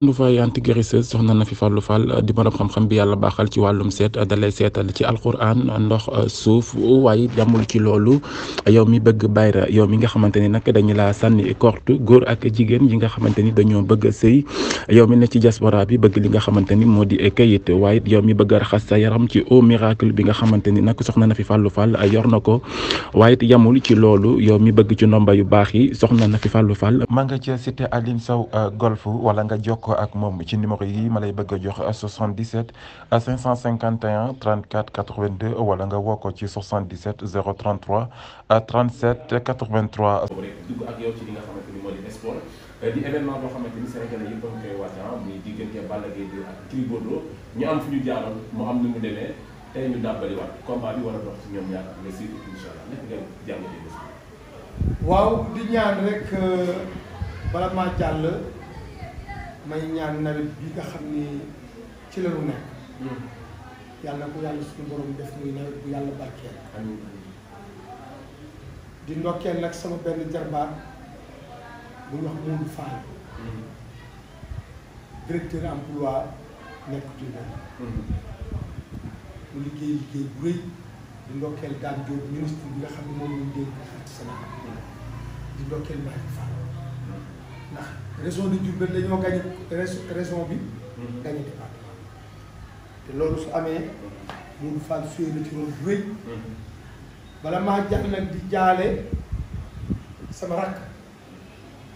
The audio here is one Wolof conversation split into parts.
lu fay anti guérisseuse soxna na fi fàllu fal euh, di borom xam-xam bi yàlla baaxal ci wàllum seet euh, dalay seetal ci alquran euh, ndox suuf waaye yamul ci loolu yaw mi bëgg bayra yow mi nga xamante ni nag dañu laa sànni korte góor ak jigéen yi nga xamante ni dañoo bëgg a sëy yow mi ne ci diaspora bi bëgg li nga xamante ni moo di kayit waaye yow mi bëgg a raxas sa yaram ci au miracle bi nga xamante ni nag soxna na fi fàllu fal yor na ko waaye yamul ci loolu yow mi bëgg ci ndomba yu baax yi soxna na fi fàllu fal ma nga ci jokkoo ak moom ci numéro yi ma lay bëgg a jox 77 551 34 82 wala nga woo ko ci 77 033 37 83. dugg ak ci li nga xamante euh, a ngi koy waajal muy diggante Balla Gaye ak Gris Bordeaux ñu am fu ñu jaaroon demee tey ñu dàbbaliwaat combat bi war a dox ci ñoom ñaar mais surtout incha allah nekk nga jàngatee bés. waaw di ñaan rek euh, bala maa jàll. may ñaan nawet bi nga xam ni ci la ñu nekk. yàlla na ko yàlla suñu borom def muy nawet bu yàlla barkeel. di ndokkeel nag sama benn jarbaat bu ñu wax Moundou Fall. directeur emploi nekk Tuubaa. mu liggéey liggéey bu rëy di ndokkeel Dame Diop ministre bi nga xam ne moom lañ dénk artisanat di ndokkeel Malick Fall. ndax région de Diourbel dañoo gagné région bi. Mm-hmm. gagné département te loolu su amee Modou Fall suyee na ci rôle bu rëy. Mm-hmm. bala maa jax nag di jaale sama rakk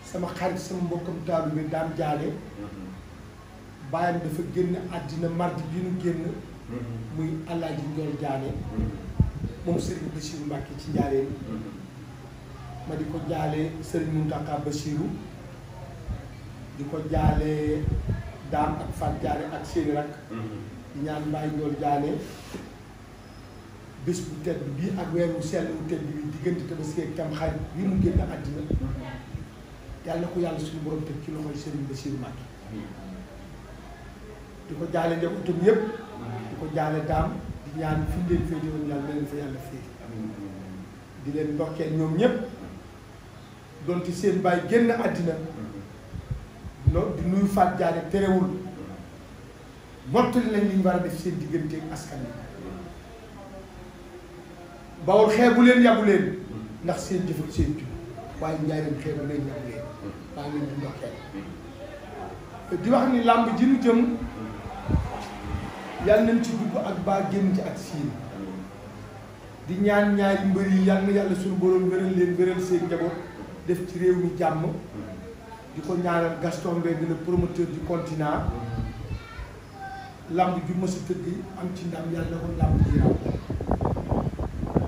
sama xarit sama mbokkam taalu bi daan jaale. Mm-hmm. bàyyam dafa génn àddina mardi bi ñu génn. muy Alaaji Njool Jaane. moom Serigne Bassirou Mbacke ci njaareem. ma di ko jaale Serigne Mountakha Bassirou. di ko jaale daam ak fat jaane ak seeni rak mm-hmm. di ñaan mbaay njool jaane bés bu tedd bii ak weer wu sell wu tedd bii diggante tabaski ak tamxarit bii mu génn àddina mm-hmm. yàlla ko yàlla suñu borom teg ci loxoy mm-hmm. di ko jaale njabootam yëpp di ko jaale daam di ñaan fi leen féete woon yàlla na leen fa yàlla féete di leen ndokkeel ñoom ñëpp doon ci seen bàyyi génn àddina loolu di nuyu Fatou Diagne terewul mottali nañ li war a def seen diggante ak askan wi bawol xeebu leen yàbbu leen ndax seen jëfal seen jub waaye njaareem xeebu leen yàbbu leen maa ngi leen di wax ni làmb ji nu jëm yàlla nañ ci dugg ak baa génn ci ak siin di ñaan ñaari mbër yi yàlla na yàlla suñu borom wéral leen wéral seen njaboot def ci réew mi jàmm di ko ñaanal Gaston Mbengue le promoteur du continent lamb ju mës a tëgg am ci ndam yàlla ko lamb ji raw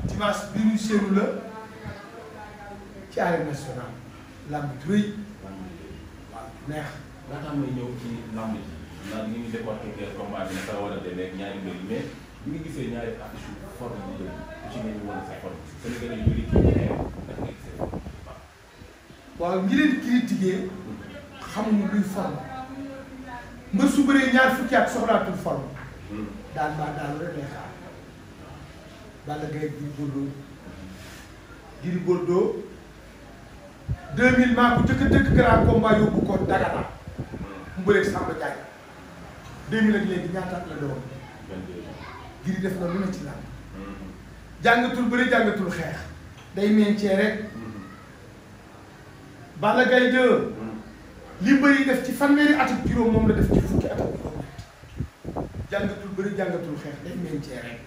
dimanche bi ñu séenu la ci arène nationale lamb ju rëy waaw neex laataa may ñëw ci lamb ji ndax ni ñu déporté quel combat bi naka war a demee bi gisee ñaari ci ne ñu woon sa forme Sénégalais yu waaw ñi leen critiqué xamuñu luy forme mbër su bëree ñaar fukki at soxlaatul forme daan baa daal rek lay xaar Balla Gaye Gris Bordeaux Gris Bordeaux deux mille maa ko jëkk a jëkk grand combat yóbbu ko Dagana mu bëreeg Samba Ndiaye deux mille ak léegi ñaata at la doon Gris def na lu ne ci mm-hmm. jàngatul bëri jàngatul xeex day meñcee rek Balla Gaye 2 li bëri def ci fanweeri at ak juróom moom la def ci fukki at ak juróom jàngatul bëri jàngatul xeex day meen cee rek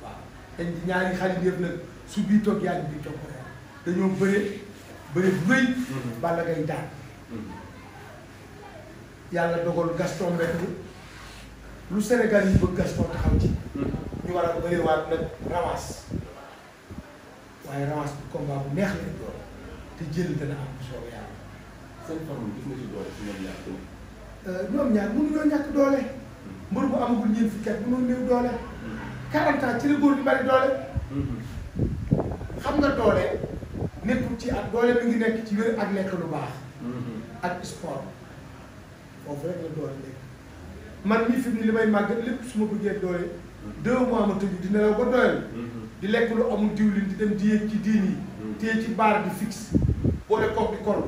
waaw dañ di ñaari xarit yëpp nag su bii toog dañoo bëre bëre bu rëy mm-hmm. Balla mm-hmm. yàlla dogal Gaston Mbengue lu Sénégal yi ci mm-hmm. ñu war waaye ramas bu combat bu neex lañ doon te jël dana am bu soobee yàlla. seen forme gis nga si doole si ñoom doole. Euh, ñoom ñaar mënuñoo ñàkk doole. mbër bu amagul ñeent fukki at doole. 40 ans ci la góor di bari doole. xam nga doole nekkul ci at doole mi ngi nekk ci wér ak lekk lu baax. ak sport foofu rek la doole nekk. man mii fi mu ne li su ma bëggee doole deux mois ma tëju di nelaw ba mhm. di lekk lu amul diwlin di dem di yéeg ci diin yi. Mhm. ci baar di fixe. boole koog di kon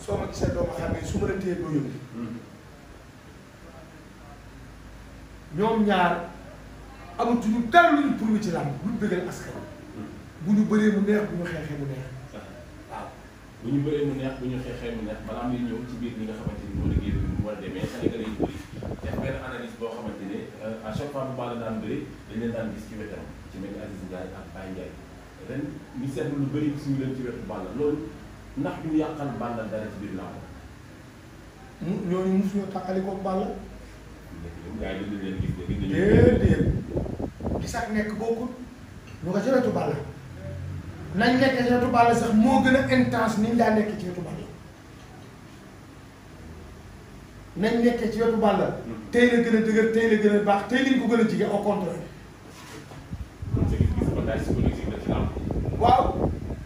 soo ma gisee doo ma xàmmee su ma la téye doo yóbbu ñoom ñaar amatuñu dara lu ñu prouvé ci làmb lu bëggal askan bu ñu bëree mu neex bu ñu xeexee mu neex. waaw bu ñu bëree mu neex bu ñu xeexee mu neex balaa muy ñëw ci biir ñi nga xamante ni moo liggéey bi mu war a demee Sénégalais yu bëri def benn analyse boo xamante ne euh, à chaque fois bu Balla daan bëri dañ leen daan gis ci wetam ci mel ni Aziz Ndiaye ak Baye Ndiaye ren ñu seetlu lu bëri suñu leen ci wetu Balla loolu. ndax ñu yàqal Balla dara ci biir làmb mu ñooñu mosuñoo tàqali ko Balla déedéet gis ak nekk bokkul lu nga ci wetu Balla nañ nekk ci wetu Balla sax moo gën a intense niñ daa nekk ci wetu Balla nañ nekk ci wetu Balla hmm. tey gën a dëgër tey gën a baax tey liñ gën a jige au contraire waaw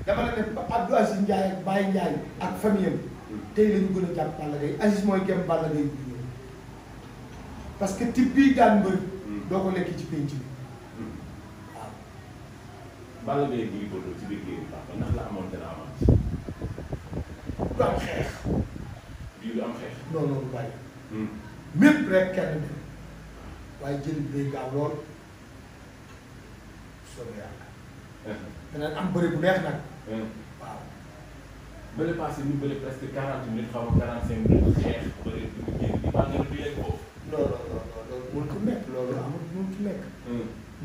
dama la def ba Abdou Aziz Ndiaye ak Baye Ndiaye ak famille am tey la ñu gën a jàpp Balla Gaye Aziz mooy gem Balla Gaye parce que type bii daan mbër doo ko lekk ci penc bi waaw. Balla Gaye Gris Bordeaux ci gi ndax la amoon dana amaat. du am xeex. bii am xeex. non non du bàyyi. même rek kenn dem waaye jël day gaaw lool soobee eh. am bëri bu neex nag. waaw bële passé ñu bële presque quarante minutes xaw ma quarante cinq minutes xeex bële dugg génn di bànn du yegg foofu. non non non loolu mënut nekk loolu amul mënut nekk.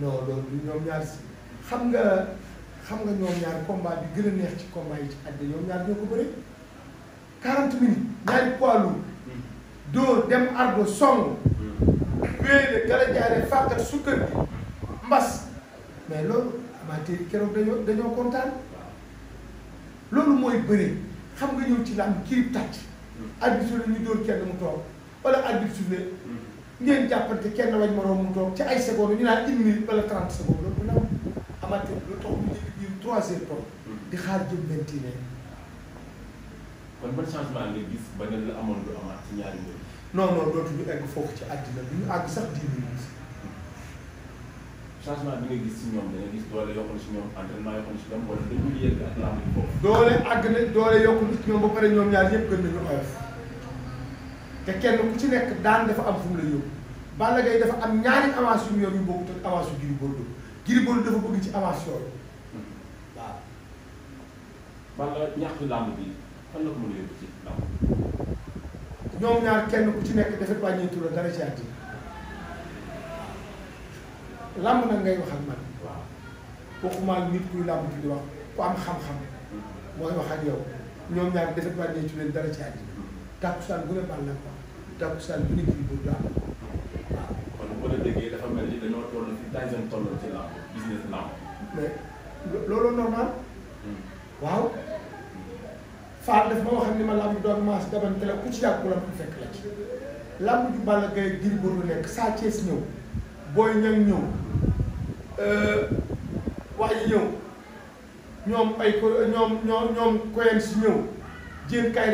non loolu ñoom ñaar si xam nga xam nga ñoom ñaar combat bi gën a neex ci combat yi ci àddina ñoom ñaar ñoo ko bëri quarante minutes ñaari poids lourd hmm. doo dem ardo song. Hmm. wéele gala jaare fàqat sukkër bi mbas mais loolu amateur yi keroog dañoo dañoo kontaan. loolu mooy bëri xam nga ñëw ci làmb kirib tàcc arbitre soufflé ñu dóor kenn mu toog wala arbitre soufflé ngeen jàppante kenn wañ moroom mu toog ci ay secondes ñu naan une minute wala trente secondes loolu mën na am amateur lu tax ñu nekk toog di xaar jëm vingt et une ba ban changement nga gis ba ne la amoon du amaat ci ñaari mbir non non dootuñu egg foofu ci àddina bi ñu àgg sax dix minutes changement bi nga gis si ñoom da nga gis doole yokku na si ñoom entraînement yokku si ñoom wala dañuy yëg ak làmb yi foofu. doole àgg na doole yokku na si ñoom ba pare ñoom ñaar yëpp gën nañu te kenn ku ci nekk daan dafa am fu mu la yóbbu Balla Gaye dafa am ñaari avance yu mu yor yu bokkut ak ci avance yooyu waaw. bi a yóbbu ci ñaar kenn ku ci nekk dafa wàññeeku la dara ci àddina làmb nag ngay waxal man waaw waxumaa nit kuy làmb bi di wax ku am xam-xam mooy wax ak yow ñoom ñaar dafa bànnee ci leen dara ci àddina tàkkusaan bu ne bàll la ko bi bu ne kii bu daal waaw kon dañoo toll fi Tyson toll ci làmb business làmb mais loolu normal hmm. waaw Faal daf ma waxam ni ma làmb doon maas damante la ku ci yàgg la mu fekk la ci làmb ju Balla Gaye Gris Bordeaux nekk Sa Thiès ñëw booy ñang ñëw euh, wax yi ñëw ñoom ay ko ñoom ñoom ñoom koyen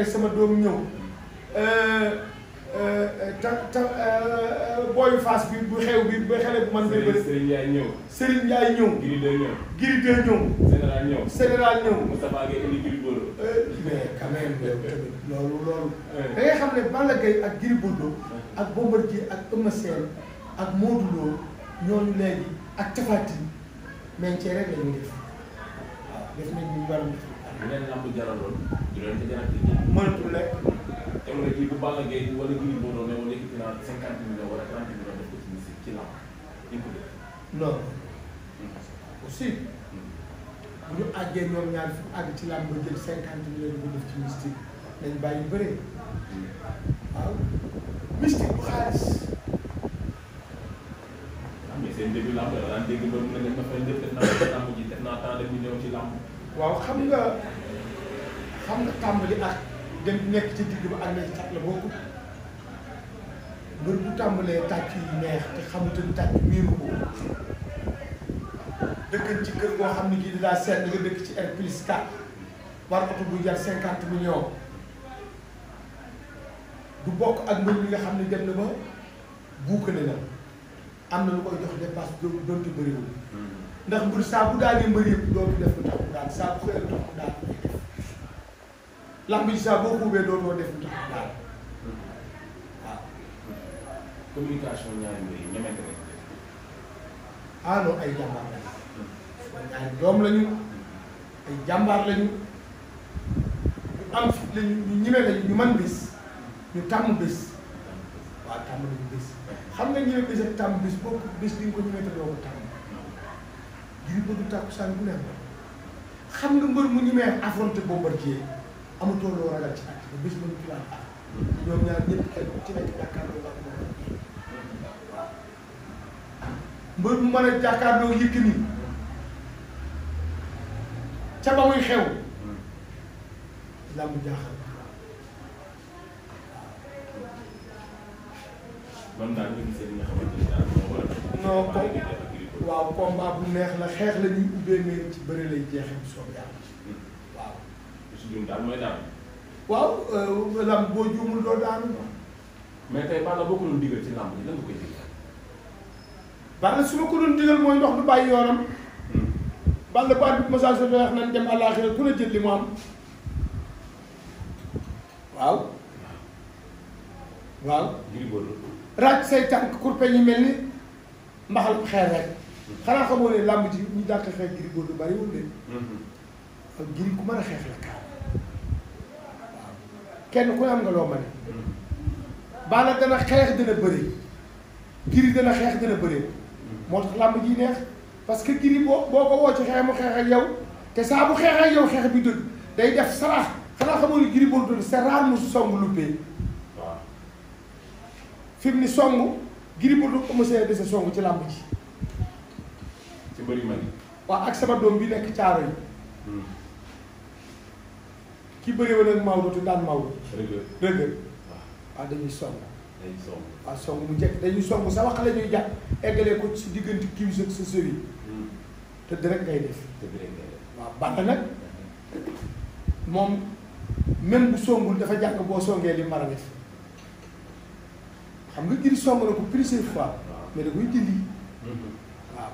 sama doom ñëw euh, euh, ta ta booyu bi bu xew bi bu xele bu man bëri Serigne Ndiaye ñëw Serigne Ndiaye ñëw Giri Deux ñëw Giri Deux ñëw général ñëw général ñëw Moustapha Gueye indi Giri Bordeaux mais quand même loolu loolu da ngay xam ne Balla ak Giri Bordeaux ak Bombardier ak Eumeu ak Modou Lo ñooñu léegi ak Tapha Tine mais cee rek la ñuy def waaw def nañ ñu war a def. ak yeneen lamb jaraloon du leen di gànnaat liggéey. mënatul rek. tey jii bu Balla Gaye wala Gris Bordeaux ne wala équipe naa cinquante millions wala trente millions def ko ci musique ci lamb ñu ko def. non. Hmm. aussi. bu ñu àggee ñoom ñaar fu àgg ci lamb ba jël cinquante millions bu def ci mystique seen début làmb da daan dégg na fay làmb ji def naa làmb. waaw xam nga xam nga tàmbali ak dem nekk ci digg ba ak ne cat la bokkul mbir bu tàmbalee tàcc yu neex te xamante ni tàcc miiru ko dëkkan ci kër goo xam ne gii daa seet nga dëkk ci R plus 4 war oto bu jar cinquante million du bokk ak mbir mi nga xam ne dem na ba buukale na. am na lu koy jox dépasse doonte bëriwul hmm. ndax mbir saa bu daanee mbër yëpp dootu def lu tax mu daan saa bu xëyee lu tax mu daan lamb ji saa boo xuubee dootoo def lu tax mu daan waaw. communication ñaari mbir yi ñemante rek. ah non ay jàmbaar lañu. ñaari doom lañu ay jàmbaar lañu ñu am fit lañu ñu ñime lañu ñu man bis ñu tàmm bis. waaw tàmm nañu bis xam nga ñëwee bis ak tàmm bis boo bis di nga ko ñëwee te doo ko tàmm ngir bëgg tàkkusaan bu neex xam nga mbër mu ñemee affronté Bombardier amutoo loo ragal ci àtt bis mën ci laal àtt ñoom ñaar ñëpp kenn ku ci nekk jàkkaarloo ak moom mbër mu mën a jàkkaarloo Yékini ca ba muy xew làmb jaaxal man daal nga gisee li nga xamante ne daal moo waaw combat bu neex la xeex la ñuy ubbee mais ci bëri lay jeexee bu hmm. waaw. su juum daal mooy daal. waaw euh, lamb boo juumul doo daanu. mais tey Balla boo ko doon digal ci lamb yi lan nga koy digal. Balla su ma ko doon digal mooy ndox du bàyyi yoonam. Hmm. Balla bu at bi message bi wax nañ dem àllaaxira ku ne jël li mu waaw. waaw. ràcc say tànk kurpe yi mel ni mbaxal xeer rek xanaa xamoo ne làmb ji ñu dàq xeex Gris Bordeaux bariwul de mm-hmm. ak Gris ku mën a xeex la kaaw kenn ku ne am nga loo mën mm-hmm. Balla dana xeex dana bëri Gris dana xeex dana bëri mm-hmm. moo tax làmb ji neex parce que Gris boo boo ko woo ci xeex mu xeex ak yow te saa bu xeex ak yow xeex bi dëgg day def saraax xanaa xamoo ne Gris Bordeaux c'est rare mu song luppee fi mu ni song Gris Bordeaux Eumeu Sène dese song ci làmb ji ci bëri ak sama doom bi nekk caaro yi hmm. ki bëri woon ak Maodo te daan Maodo dëgg waaw ah, dañuy song waaw song mu ah, njëkk dañuy song sa wax la ñuy jàpp eggalee ko si diggante kiw sa sa sëri hmm. te direct ngay def waaw bàtt nag moom même bu songul dafa jàng boo songee li mar a xam nga giri song na ko fois mais da koy dindi waaw.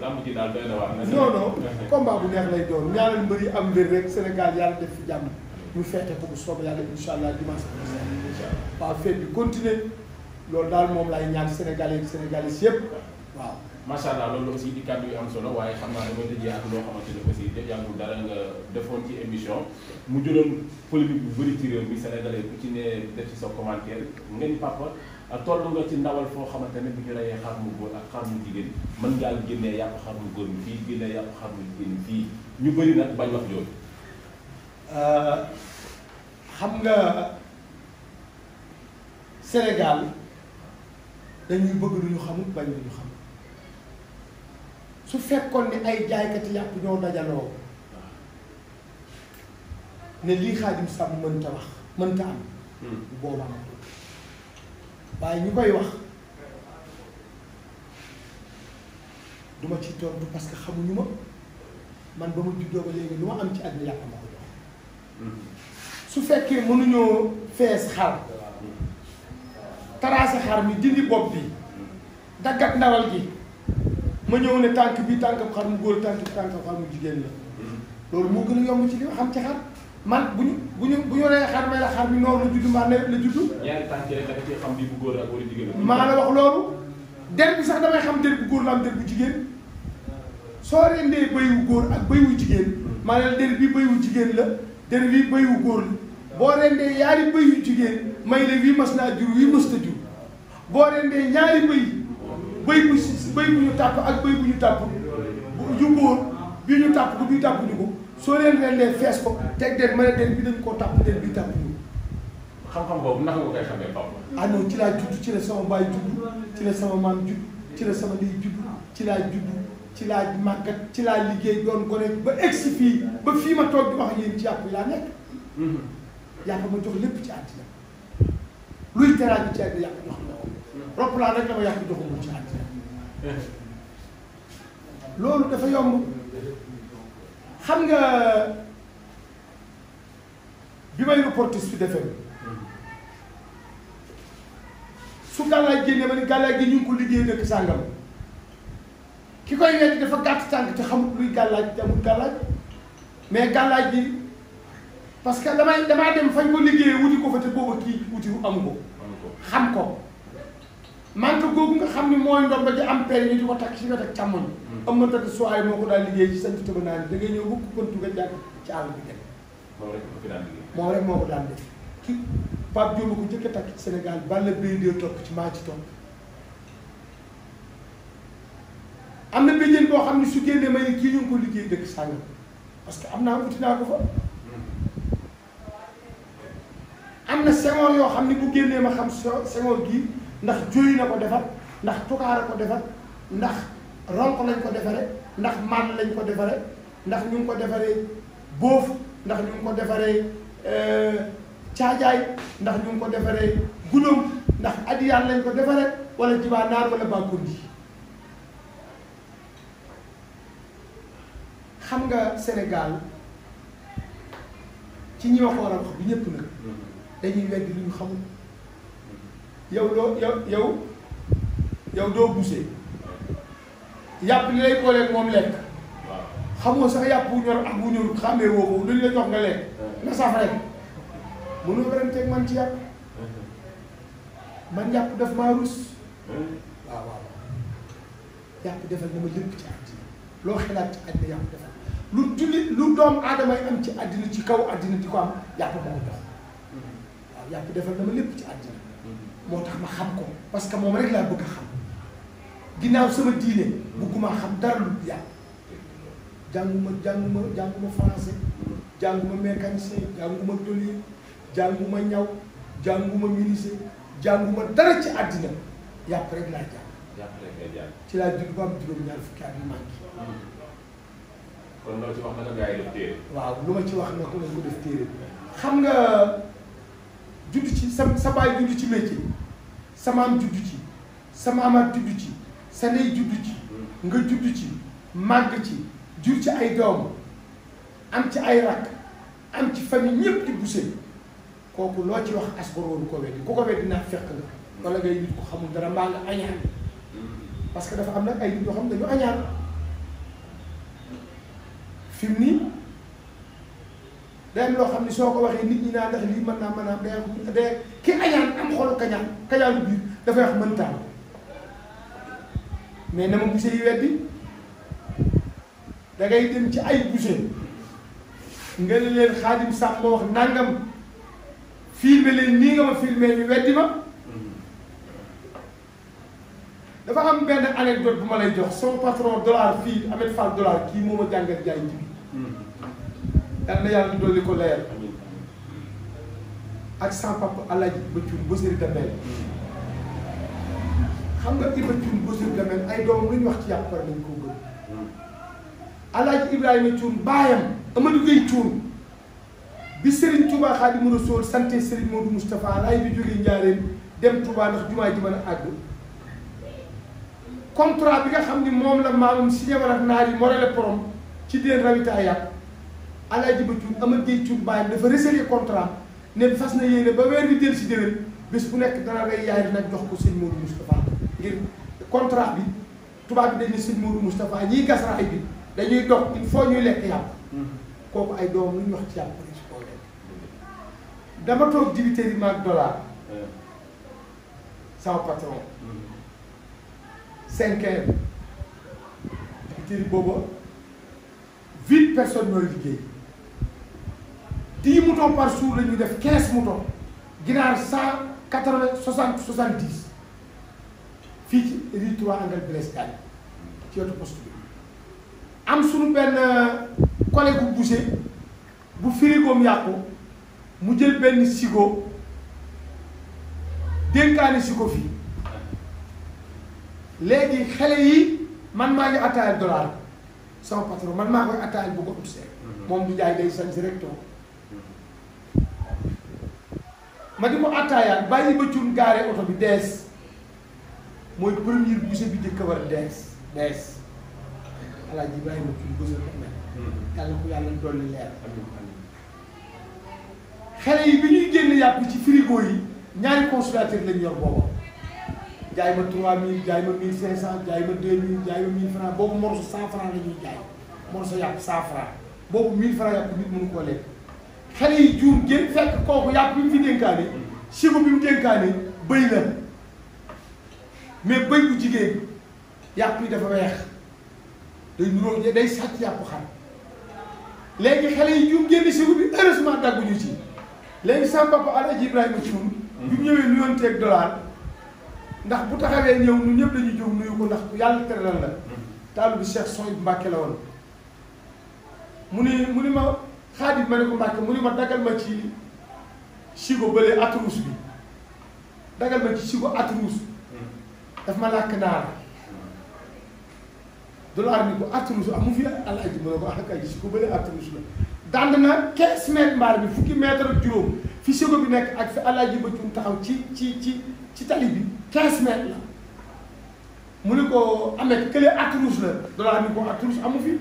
lamb ji daal doy na waar. non non combat bu neex lay doon ñaanal mbër yi am wér rek Sénégal yàlla def fi jàmm ñu fete ko bu soobee yàlla incha allah dimanche prochain. incha allah waaw loolu daal moom laay ñaan Sénégalais ak Sénégalaises yëpp waaw. macha allah loolu aussi di kàddu yu am solo waaye xam naa damay tëjee ak loo xamante ne aussi yàggul dara nga defoon ci émission mu juróom polémique bu bëri ci réew mi sénégalais ku ci ne def ci sa commentaire ngeen papa toll nga ci ndawal foo xamante ne bu ñu reyee xar mu góor ak xar mu jigéen mën ngaa génnee yàpp xar mu góor mi fii génnee yàpp xar mu jigéen fii ñu bëri nag bañ wax jooju. Euh, xam nga Sénégal dañuy bëgg lu ñu xamul bañ lu ñu xam. su fekkoon ni ay jaay jaaykati yàpp ñoo dajaloo ne lii xaadim sàmm mënta wax mënta am hmm. boobaa waaye ñu koy wax duma ci tontu parce que xamuñu ma man ba mu juddoo ba léegi lu ma am ci àddina yàpp ma ko jox hmm. su fekkee mënuñoo fees xar hmm. taraase xar mi dindi bopp bi daggat ndawal gi ma ñëw ne tànk bi tànkab xar mu góor tànk bi tànkab xar mu jigéen la loolu moo gën a yomb ci li nga xam ci xar man bu ñu bu ñu bu ñu nee xar may la xar bi noor la judd mbaa nawet la judd. ñaari maa la wax loolu der bi sax damay xam der bu góor la am der bu jigéen soo rendee bëy wu góor ak bëy wu jigéen maa ne la der bi bëy wu jigéen la der bi bëy wu góor la boo rendee yaari bëy yu jigéen may la wii mas naa jur wii mës ta jur boo rendee ñaari bëy bëy bu bëy bu ñu tàpp ak bëy bu ñu tàpp bu ñu góor bi ñu tàpp bu bii tàpp ñu ko soo leen leen leen fees ko teg den ma ne den bi dañ koo tàpp den bi tàpp ñu xam-xam boobu ndax nga koy xamee Pape. ah non ci laa judd ci la sama baay ci sama maam ci la sama ci laa judd ci laa màggat ci laa liggéey doon gone ba egsi fii ba fii ma toog di wax yéen ci yàpp laa nekk. Mhm. yàpp ma jox lépp ci àddina luy teraanga ci àddina yàpp jox na ko. roplaan rek dama yàq joxumul ci àddina loolu dafa yomb xam nga bi ma reportis fi defee su gàllaay génne ma ne gàllaay gi ñu ko liggéey dëkk sàngam ki koy wedd dafa gàtt tànk te xamul luy gàllaaj amul gàllaaj mais gàllaaj bi parce que damay damaa dem fañ ko liggéeyee wuti ko fa te booba kii wuti amu ko xam ko manque googu nga xam ni mooy ndox ba di am pay ñu di ko takk ci wet ak càmmoñ mm. am na takk suwaay moo ko daal liggéey ci sañ tëba naa ni da ngay ñëw wukk pëntu nga jàpp àll bi dem moom rek moo ko daan def ki Pape Diop ko jëkk a takk ci Sénégal balla bay dee topp ci maa ci topp am na béjjén boo xam ne su génnee may kii ñu ngi liggéey dëkk sàng parce que am naa uti naa ko mm. am na sengoor yoo xam ne bu génnee ma xam sengoor gii ndax juy na ko defar ndax a ko defar ndax ronk lañ ko defare ndax man lañ ko defare ndax ñu ko defaree boofu ndax ñu ko defaree euh, caajaay ndax ñu ko defaree gudóom ndax adiyaan lañ ko defare wala jibaa naar wala bàkkundi xam nga Sénégal ci ñi wax war a wax bi ñëpp nag dañuy weddi lu ñu xamul yow doo yow yow yow doo bousee yàpp li lay booleeg moom lekk xamoo sax yàpp bu ñor ak bu ñor xàmmee woo ko lu ñu la jox nga lekk nga saf rek mënoo waranteeg man ci yàpp man yàpp defal na ma lépp lu julli lu doom aadamay am ci àddina ci kaw àddina di ko am yàpp moo dox mm-hmm. waaw yàpp defal na lépp ci àddina moo tax ma xam ko parce que moom rek laa bëgg a xam ginnaaw sama diine bëgguma xam dara lu yàlla jànguma jànguma jànguma français jànguma mécanicien jànguma tôlier jànguma ñaw jànguma menuisier jànguma dara ci àddina yàpp rek laa jàng. ci laa judd ba am juróom-ñaar ci wax naka gars yi nga ko def téere xam nga judd ci sa sa baay ci métier. sa maam juddu ci sama maamaat juddu ci sa ndey juddu ci nga juddu ci màgg ci jur ci ay doom am ci ay rakk am ci famille ñëpp di busee kooku loo ci wax askan woonu ko weddi ku ko weddi naa fekk la wala ngay nit ko xamul dara mbaa nga añaan parce dafa am nag ay nit yoo xam dañu añaan fi mu nii day loo xam ne soo ko waxee nit ñi naa ndax lii mën naa mën naa day am ki añaan am xolu kañaan kañaanu biir dafay wax mën taal mais na ma gisee yi weddi da dem ci ay buse nga ne leen xaadim sàmm wax nangam filmé leen nii nga ma filmé ñu weddi ma dafa am benn anecdote bu ma lay jox son patron dollar fii Ahmed Fall dollar kii moo ma jàngal jaay ji yal na yàlla dolli ko leer ak sama papa Alaaji Iba Cuun Basiru Damel xam nga Iba Cuun Basiru Damel ay doom lu ñu wax ci yàpp pare nañ koo gën hmm. Alaaji Ibrahima Cuun baayam Amadou Gueye Cuun bi Serigne Touba Xaadimu Rasuul sante sëriñ Modou Moustapha laay bi jógee Njaaréem dem Touba ndax jumaa ji mën a àgg bi nga xam ni moom la maamam signé war ak naar yi morale porom ci deen rawita yàpp Alaaji Ba Cuun Amat Géey Cuun dafa resserré contrat ne fas na yéene ba weer bi del si déwén bés bu nekk dana ngay yaay nag jox ko sëñ Modou Moustapha ngir contrat bi tubaab bi dañ ne sëñ Modou ñiy gas bi dañuy dox il faut ñuy lekk yàpp kooku ay doom lu ñu wax ci yàpp rek su koo dama toog dibiteri maag dollar sama patron cinquième dibiteri booba huit personnes ñooy liggéey dix moutons par jour la def quinze moutons ginaar cent quatre-vingt soixante soixante-dix fii ci rue trois angle Blaise Diagne ci wetu poste bi am suñu benn euh, collègue bu boucher bu firigoom yàqu mu jël benn sigo dénkaane sigo fii léegi xele yi man maa ngi attaayal dollar sama patron man maa koy attaayal bu ko ut seet mm-hmm. moom du jaay day sañ si ma di mu attaayaat bàyyi ba cun gaare oto bi dees mooy premier buse bi jëkk war dees dees alaaji bàyyi ma cun buse bi yàlla ko yàlla dolli leer xale yi bi ñuy génn yàpp ci frigo yi ñaari consommateur lañ yor booba jaay ma trois mille jaay ma mille jaay ma deux mille jaay ma mille franc boobu morso cent franc la ñuy jaay yàpp cent franc boobu mille franc yàpp nit mënu koo lekk xale yi juum génn fekk kooku yàpp bi mu fi dénkaane sibo bi mu dénkaane bëy la mais bëy bu jigéen yàpp yi dafa weex day nuróo day sàcc yàpp xam léegi xale yi juum génn sibo bi si dagguñu ci léegi sama papa Alaaji Ibrahima Thioune bi mu ñëwee nuyonteeg dollar ndax bu taxawee ñëw ñun ñëpp dañuy jóg nuyu ko ndax yàlla teral la mm-hmm. taalu bi seet Soy Mbàkke la woon mu ni mu ni ma xaadim ma ne ko mbàkke mu ni ma dagal ma ci sigo bële atrous bi dagal ma ci sigo atrous daf ma làkk naar dollar ni ko atrous amu fi alaaji mu ne ko ak ah ay sigo bële atrous la dànd na quinze mètres mbaar bi fukki mètre ak juróom fi sigo bi nekk ak fi alaaji ba cun taxaw ci ci ci ci tali bi quinze mètres la mu ne ko amee kële atrous la dollar ni ko atrous amu fi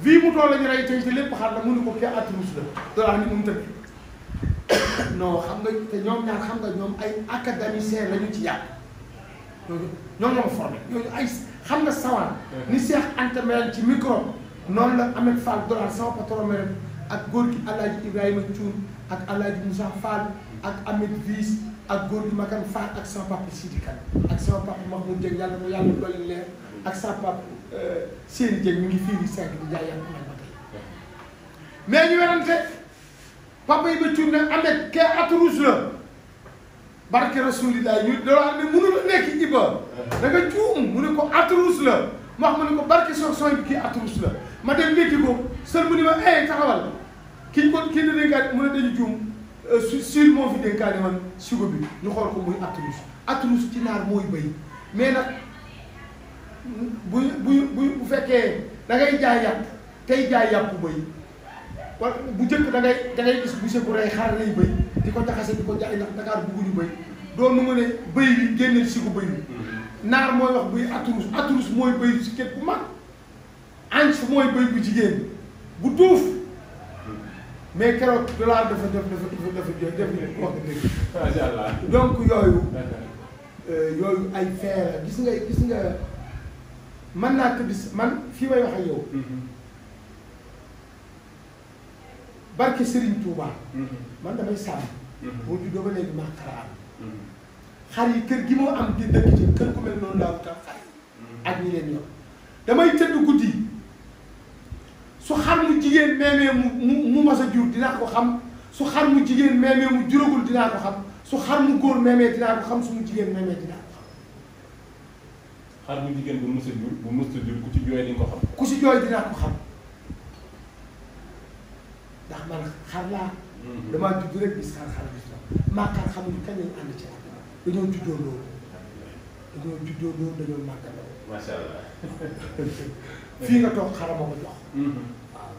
vie mu toll lañu rey tey te lépp xar la mënu ko kii attirus la dara ni mu tëdd non xam na te ñoom ñaar xam na ñoom ay académiciens lañu ci yàgg ñooñu ñoom ñoo formé ñooñu ay xam nga sawar mm-hmm. ni Cheikh ci micro noonu la Ahmed Fall dollar sama patron mel ak góor gi Alaaji Ibrahima Thioune ak Alaaji Moussa Fall ak Ahmed Viis ak góor gi Makan Fall ak sama papa Sidi Kane ak sama papa Mahmoud Dieng yàlla ko yàlla dolli leer ak sama papa seen jéeg mu ngi fii nii sànq di jaay yàpp nag ba tey mais ñu werante papa yi ba cuur ne amee kee at rouge la barke rasulilah ñu da wax ne mënul nekk Iba da nga juum mu ne ko at rouge la ma wax mu ne ko barke sox sooy bi kii at rouge la ma dem ndékki ko sër mu ni ma eh taxawal kiñ ko kii na dénkaat mu ne dañu juum euh, su suul moo fi dénkaane man sugo bi ñu xool ko muy at rouge at rouge ci naar mooy béy mais nag. bu bu bu bu fekkee dangay ngay jaay yàpp tey jaay yàpp bëy bu njëkk da ngay da ngay gis boucher bu rey xaar lay bëy di ko jaxase di ko jaay ndax Dakar bugguñu bëy doon nu mu ne bëy bi génne si ko bëy bi naar mooy wax bëy aturus aturus mooy bëy bu si képp bu mag anc mooy bëy bu jigéen bu duuf mais keroog dollar dafa def dafa dafa dafa def wax dëgg macha allah donc yooyu euh, yooyu ay feera gis nga gis nga man naa tëdd man fii may wax ak yow. Mhm. barke Serigne Touba. Mhm. man damay sàmm. Mhm. boo juddoo ba léegi maa xar am. xar yi kër gi moo am di dëkk ci kër ku mel noonu laa ko xar ak ñi leen yor damay tëdd guddi su xar mu jigéen meemee mu mu mu a jur dinaa ko xam su xar mu jigéen meemee mu juragul dinaa ko xam su xar mu góor meemee dinaa ko xam su mu jigéen meemee dinaa xar bu jigéen bu mës a jur bu mës a ku ci jooy di nga xam. ku ci jooy dinaa ko xam ndax man xar laa. Mm-hmm. damaa judd rek gis xar xar gis la maa xar xamuñu kañ lañ ci àdduna dañoo juddoo loolu dañoo juddoo loolu dañoo màggaloo. macha allah. fii nga toog xarama ko jox. Mm-hmm. waaw.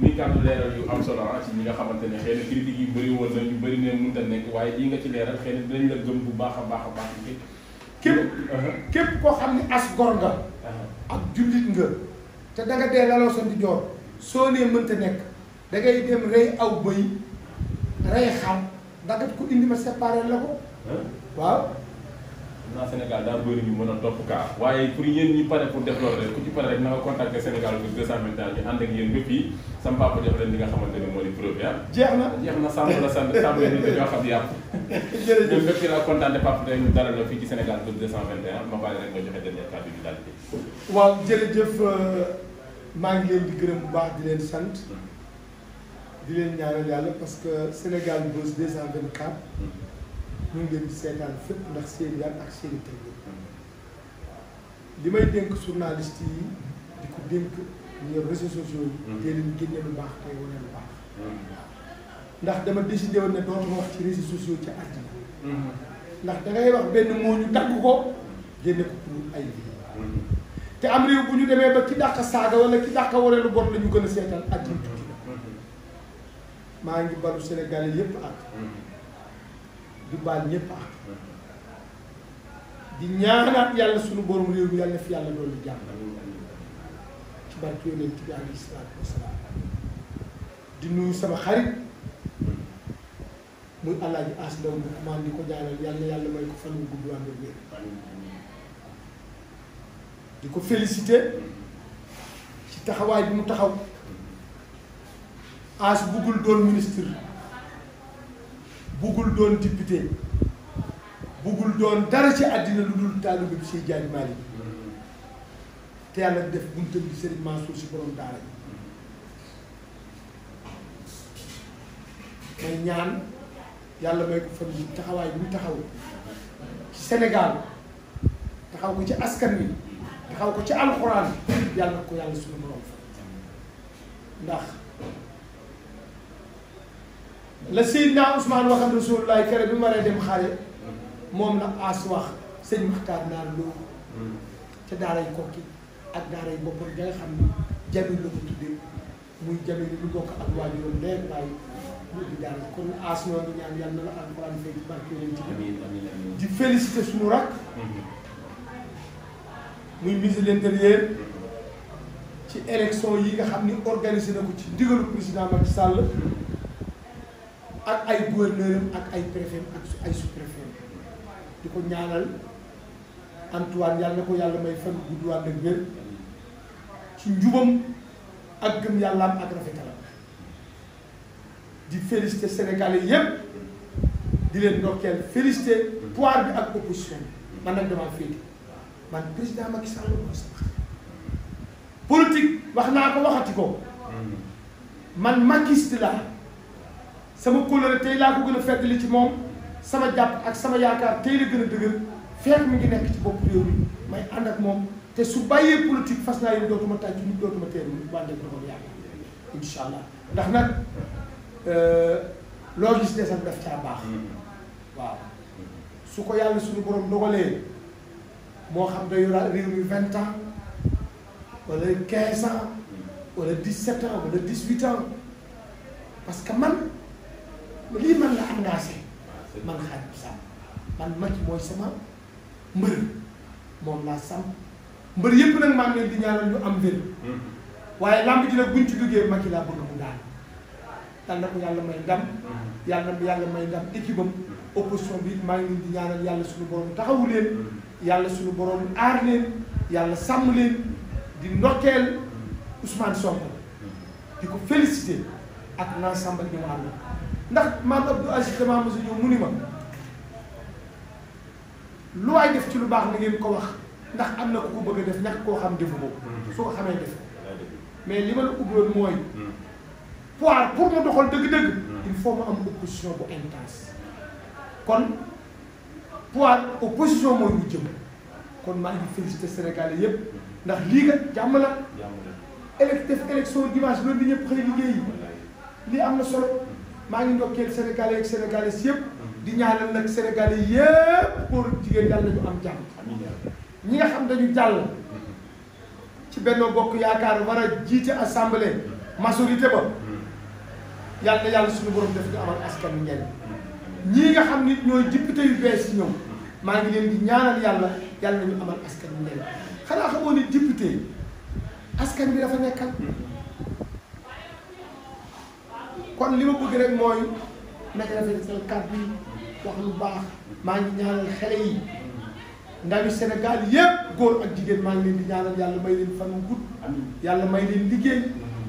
muy kàddu leeral yu am solo ah, ci nga xamante ne xëy na critique yi bëri woon na ne waaye lii nga ci leeral xëy na dinañ la gëm bu baax a baax a baax. képp képp koo xam ne as gor nga ak jullit nga te da nga dee laloo sa ndijoor soo nee mënta nekk da ngay dem rey aw bëy rey xar dagat ko indi ma séparé la ko waaw naa Sénégal daal bëri ñu mën a topp kaa waaye pour yéen ñi pare pour def loolu rek ku ci pare rek na nga contacter Sénégal bu daal ñu ànd ak yéen bépp yi sama papa def leen li nga xamante ne moo di preuve ah. jeex na jeex na sàmm la sàmm sàmm yéen ñi rek nga joxe dernier kàddu bi daal di waaw jërëjëf euh, maa ngi leen di gërëm bu baax di leen sant hmm. di leen ñaanal yàlla parce que Sénégal bu 2024. ñu ngi leen seetaan fépp ndax seen yar ak seen i li may dénk journaliste yi di ko dénk ñu réseaux sociaux yi. Mm-hmm. te leen génne lu baax tey wane baax. Mm-hmm. ndax dama décidé woon ne dootuma wax ci réseaux sociaux ci àddina. Mm-hmm. ndax da ngay wax benn moo ñu tagg ko génne ko pour ay te am réew bu ñu demee ba ki dàq saaga wala ki dàq wane lu bon la ñu gën a seetaan àddina maa ngi balu Sénégal yépp ak. di baal ñëpp ah di ñaanaat yàlla sunu borom réew mi yàlla fi yàlla loolu jàmm ci barke yonent bi alayhi salaatu wasalaam di nuyu sama xarit muy Alaaji As Ndaw bu Kumaan di ko jaalal yàlla yàlla may ko fan wu gudd di ko félicité ci taxawaay bi mu taxaw As buggul doon ministre buggul doon député buggul doon dara ci àddina lu dul taalibe bi Seydi Hadji Malick te yàlla def buntam bi Serigne Mansour si borom daara yi may ñaan yàlla may ko fan yi taxawaay bi taxaw ci Sénégal taxaw ko ci askan wi taxaw ko ci alxuraan yàlla ko yàlla suñu borom ndax la Seydina Ousmane waxam Rasulullah kere bi mu waree dem xare moom la aas wax sëñ Maxtaar naan loolu ca daaray kokki ak daaray boppam da xam ne jamil la ko tuddee muy jamil lu bokk ak waajuram leer waaye mu di la alxuraan fay ci barke leen ci ci élection yi nga xam ni organisé na ko ci ndigalu président Macky Sall ak ay gouverneur ak ay préfet ak ay sous-préfet di ko ñaanal Antoine yàlla ko yàlla may fan gudd waa ak wér ci njubam ak gëm yàllaam ak rafetalam di félicité sénégalais yépp di leen ndokkeel félicité pouvoir bi ak opposition bi man nag damaa féete man président Macky Sall moo sama politique wax naa ko waxati ko mm. man Macky sama kóllëre tey laa ko gën a feddali ci moom sama jàpp ak sama yaakaar tey la gën a dëgër fekk mi ngi nekk ci bopp réew mi may ànd ak moom te su bàyyee politique fas naa yéen dootuma tàcc nit dootuma teer nit bàndeek doxam yàlla incha allah ndax nag euh, loo gis desam daf caa baax hmm. waaw ko yàlla suñu borom dogalee moo xam day yor réew mi vingt ans wala quinze ans wala dix sept ans wala dix huit ans parce que man lii man la engagé man Xaadim Samb man Macky mooy sama mbër moom laa samp mbër yëpp nag maa ngi leen di ñaanal ñu am wér waaye lamb ji nag buñ ci duggee Macky laa bëgg mu daal dal na ko yàlla may ndam yàlla yàlla may ndam équipe am opposition bi maa ngi di ñaanal yàlla suñu borom taxawu leen yàlla suñu borom aar leen yàlla sàmm leen di ndokkeel Ousmane Sonko di ko félicité ak l'ensemble di wàllu ndax maam Abdou Aziz dama mos a ñëw mu ni ma lu waay def ci lu baax na ngeen ko wax ndax am na ko ko bëgg def ñax koo xam defu ko mm-hmm. su ko xamee def mais li ma la ubbiwoon mooy mm. pouvoir pour mu doxal dëgg-dëgg mm. il faut mu am opposition bu intense kon pouvoir opposition mooy mu jëm kon ma ngi félicité Sénégalais yépp mm-hmm. ndax lii nga jàmm la élec def élection loolu di ñëpp xëy liggéey yi lii am na solo maa ngi ndokkeel sénégalais ak sénégalaises yëpp di ñaanal nag sénégalais yëpp góor jigéen yàlla nañu am jàmm ñi nga xam dañu jàll ci Benno Bokk Yaakaar war a jiite assemblée majorité ba yàlla na yàlla suñu borom def nga amal askan wi ñi nga xam nit ñooy député yu bees ñoom maa ngi leen di ñaanal yàlla yàlla nañu amal askan wi ngeen xanaa xamoo ni député askan bi dafa nekkal kon li ma bëgg rek mooy naka rafet seen kàddu yi wax lu baax maa ngi ñaanal xale yi ndawi Sénégal yépp góor ak jigéen maa ngi leen di ñaanal yàlla may leen fan gudd yàlla may leen liggéey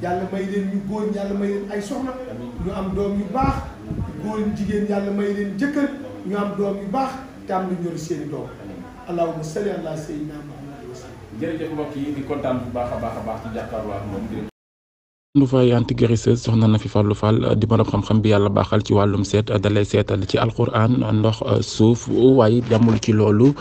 yàlla may leen ñu góor yàlla may leen ay soxna ñu am doom yu baax góor jigéen yàlla may leen jëkkër ñu am doom yu baax te am lu ñor seeni doom allahumma salli ala sayyidina Muhammad jërëjëf mbokk yi di kontaan bu baax a baax a baax ci jàkkaarloo ak moom lu fay anti guérisseuse soxna na fi fàllu fal di xam-xam bi yàlla baaxal ci wàllum seet dalay seetal ci alquran ndox euh, suuf waaye yamul ci loolu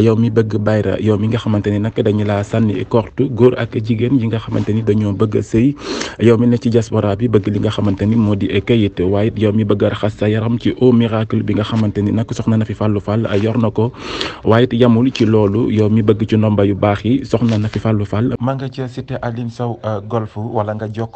yaw mi bëgg bayra yow mi nga xamante ni nag dañu la sànni korte góor ak jigéen yi nga xamante ni dañoo bëgg a sëy yow mi ne ci diaspora bi bëgg li nga xamante ni moo di kayit waaye yow mi bëgg a raxas sa yaram ci eau miracle bi nga xamante ni nag soxna na fi fàllu fal euh, yor na ko waaye yamul ci loolu yow mi bëgg ci ndomba yu baax yi soxna na fi fàllu fal ma nga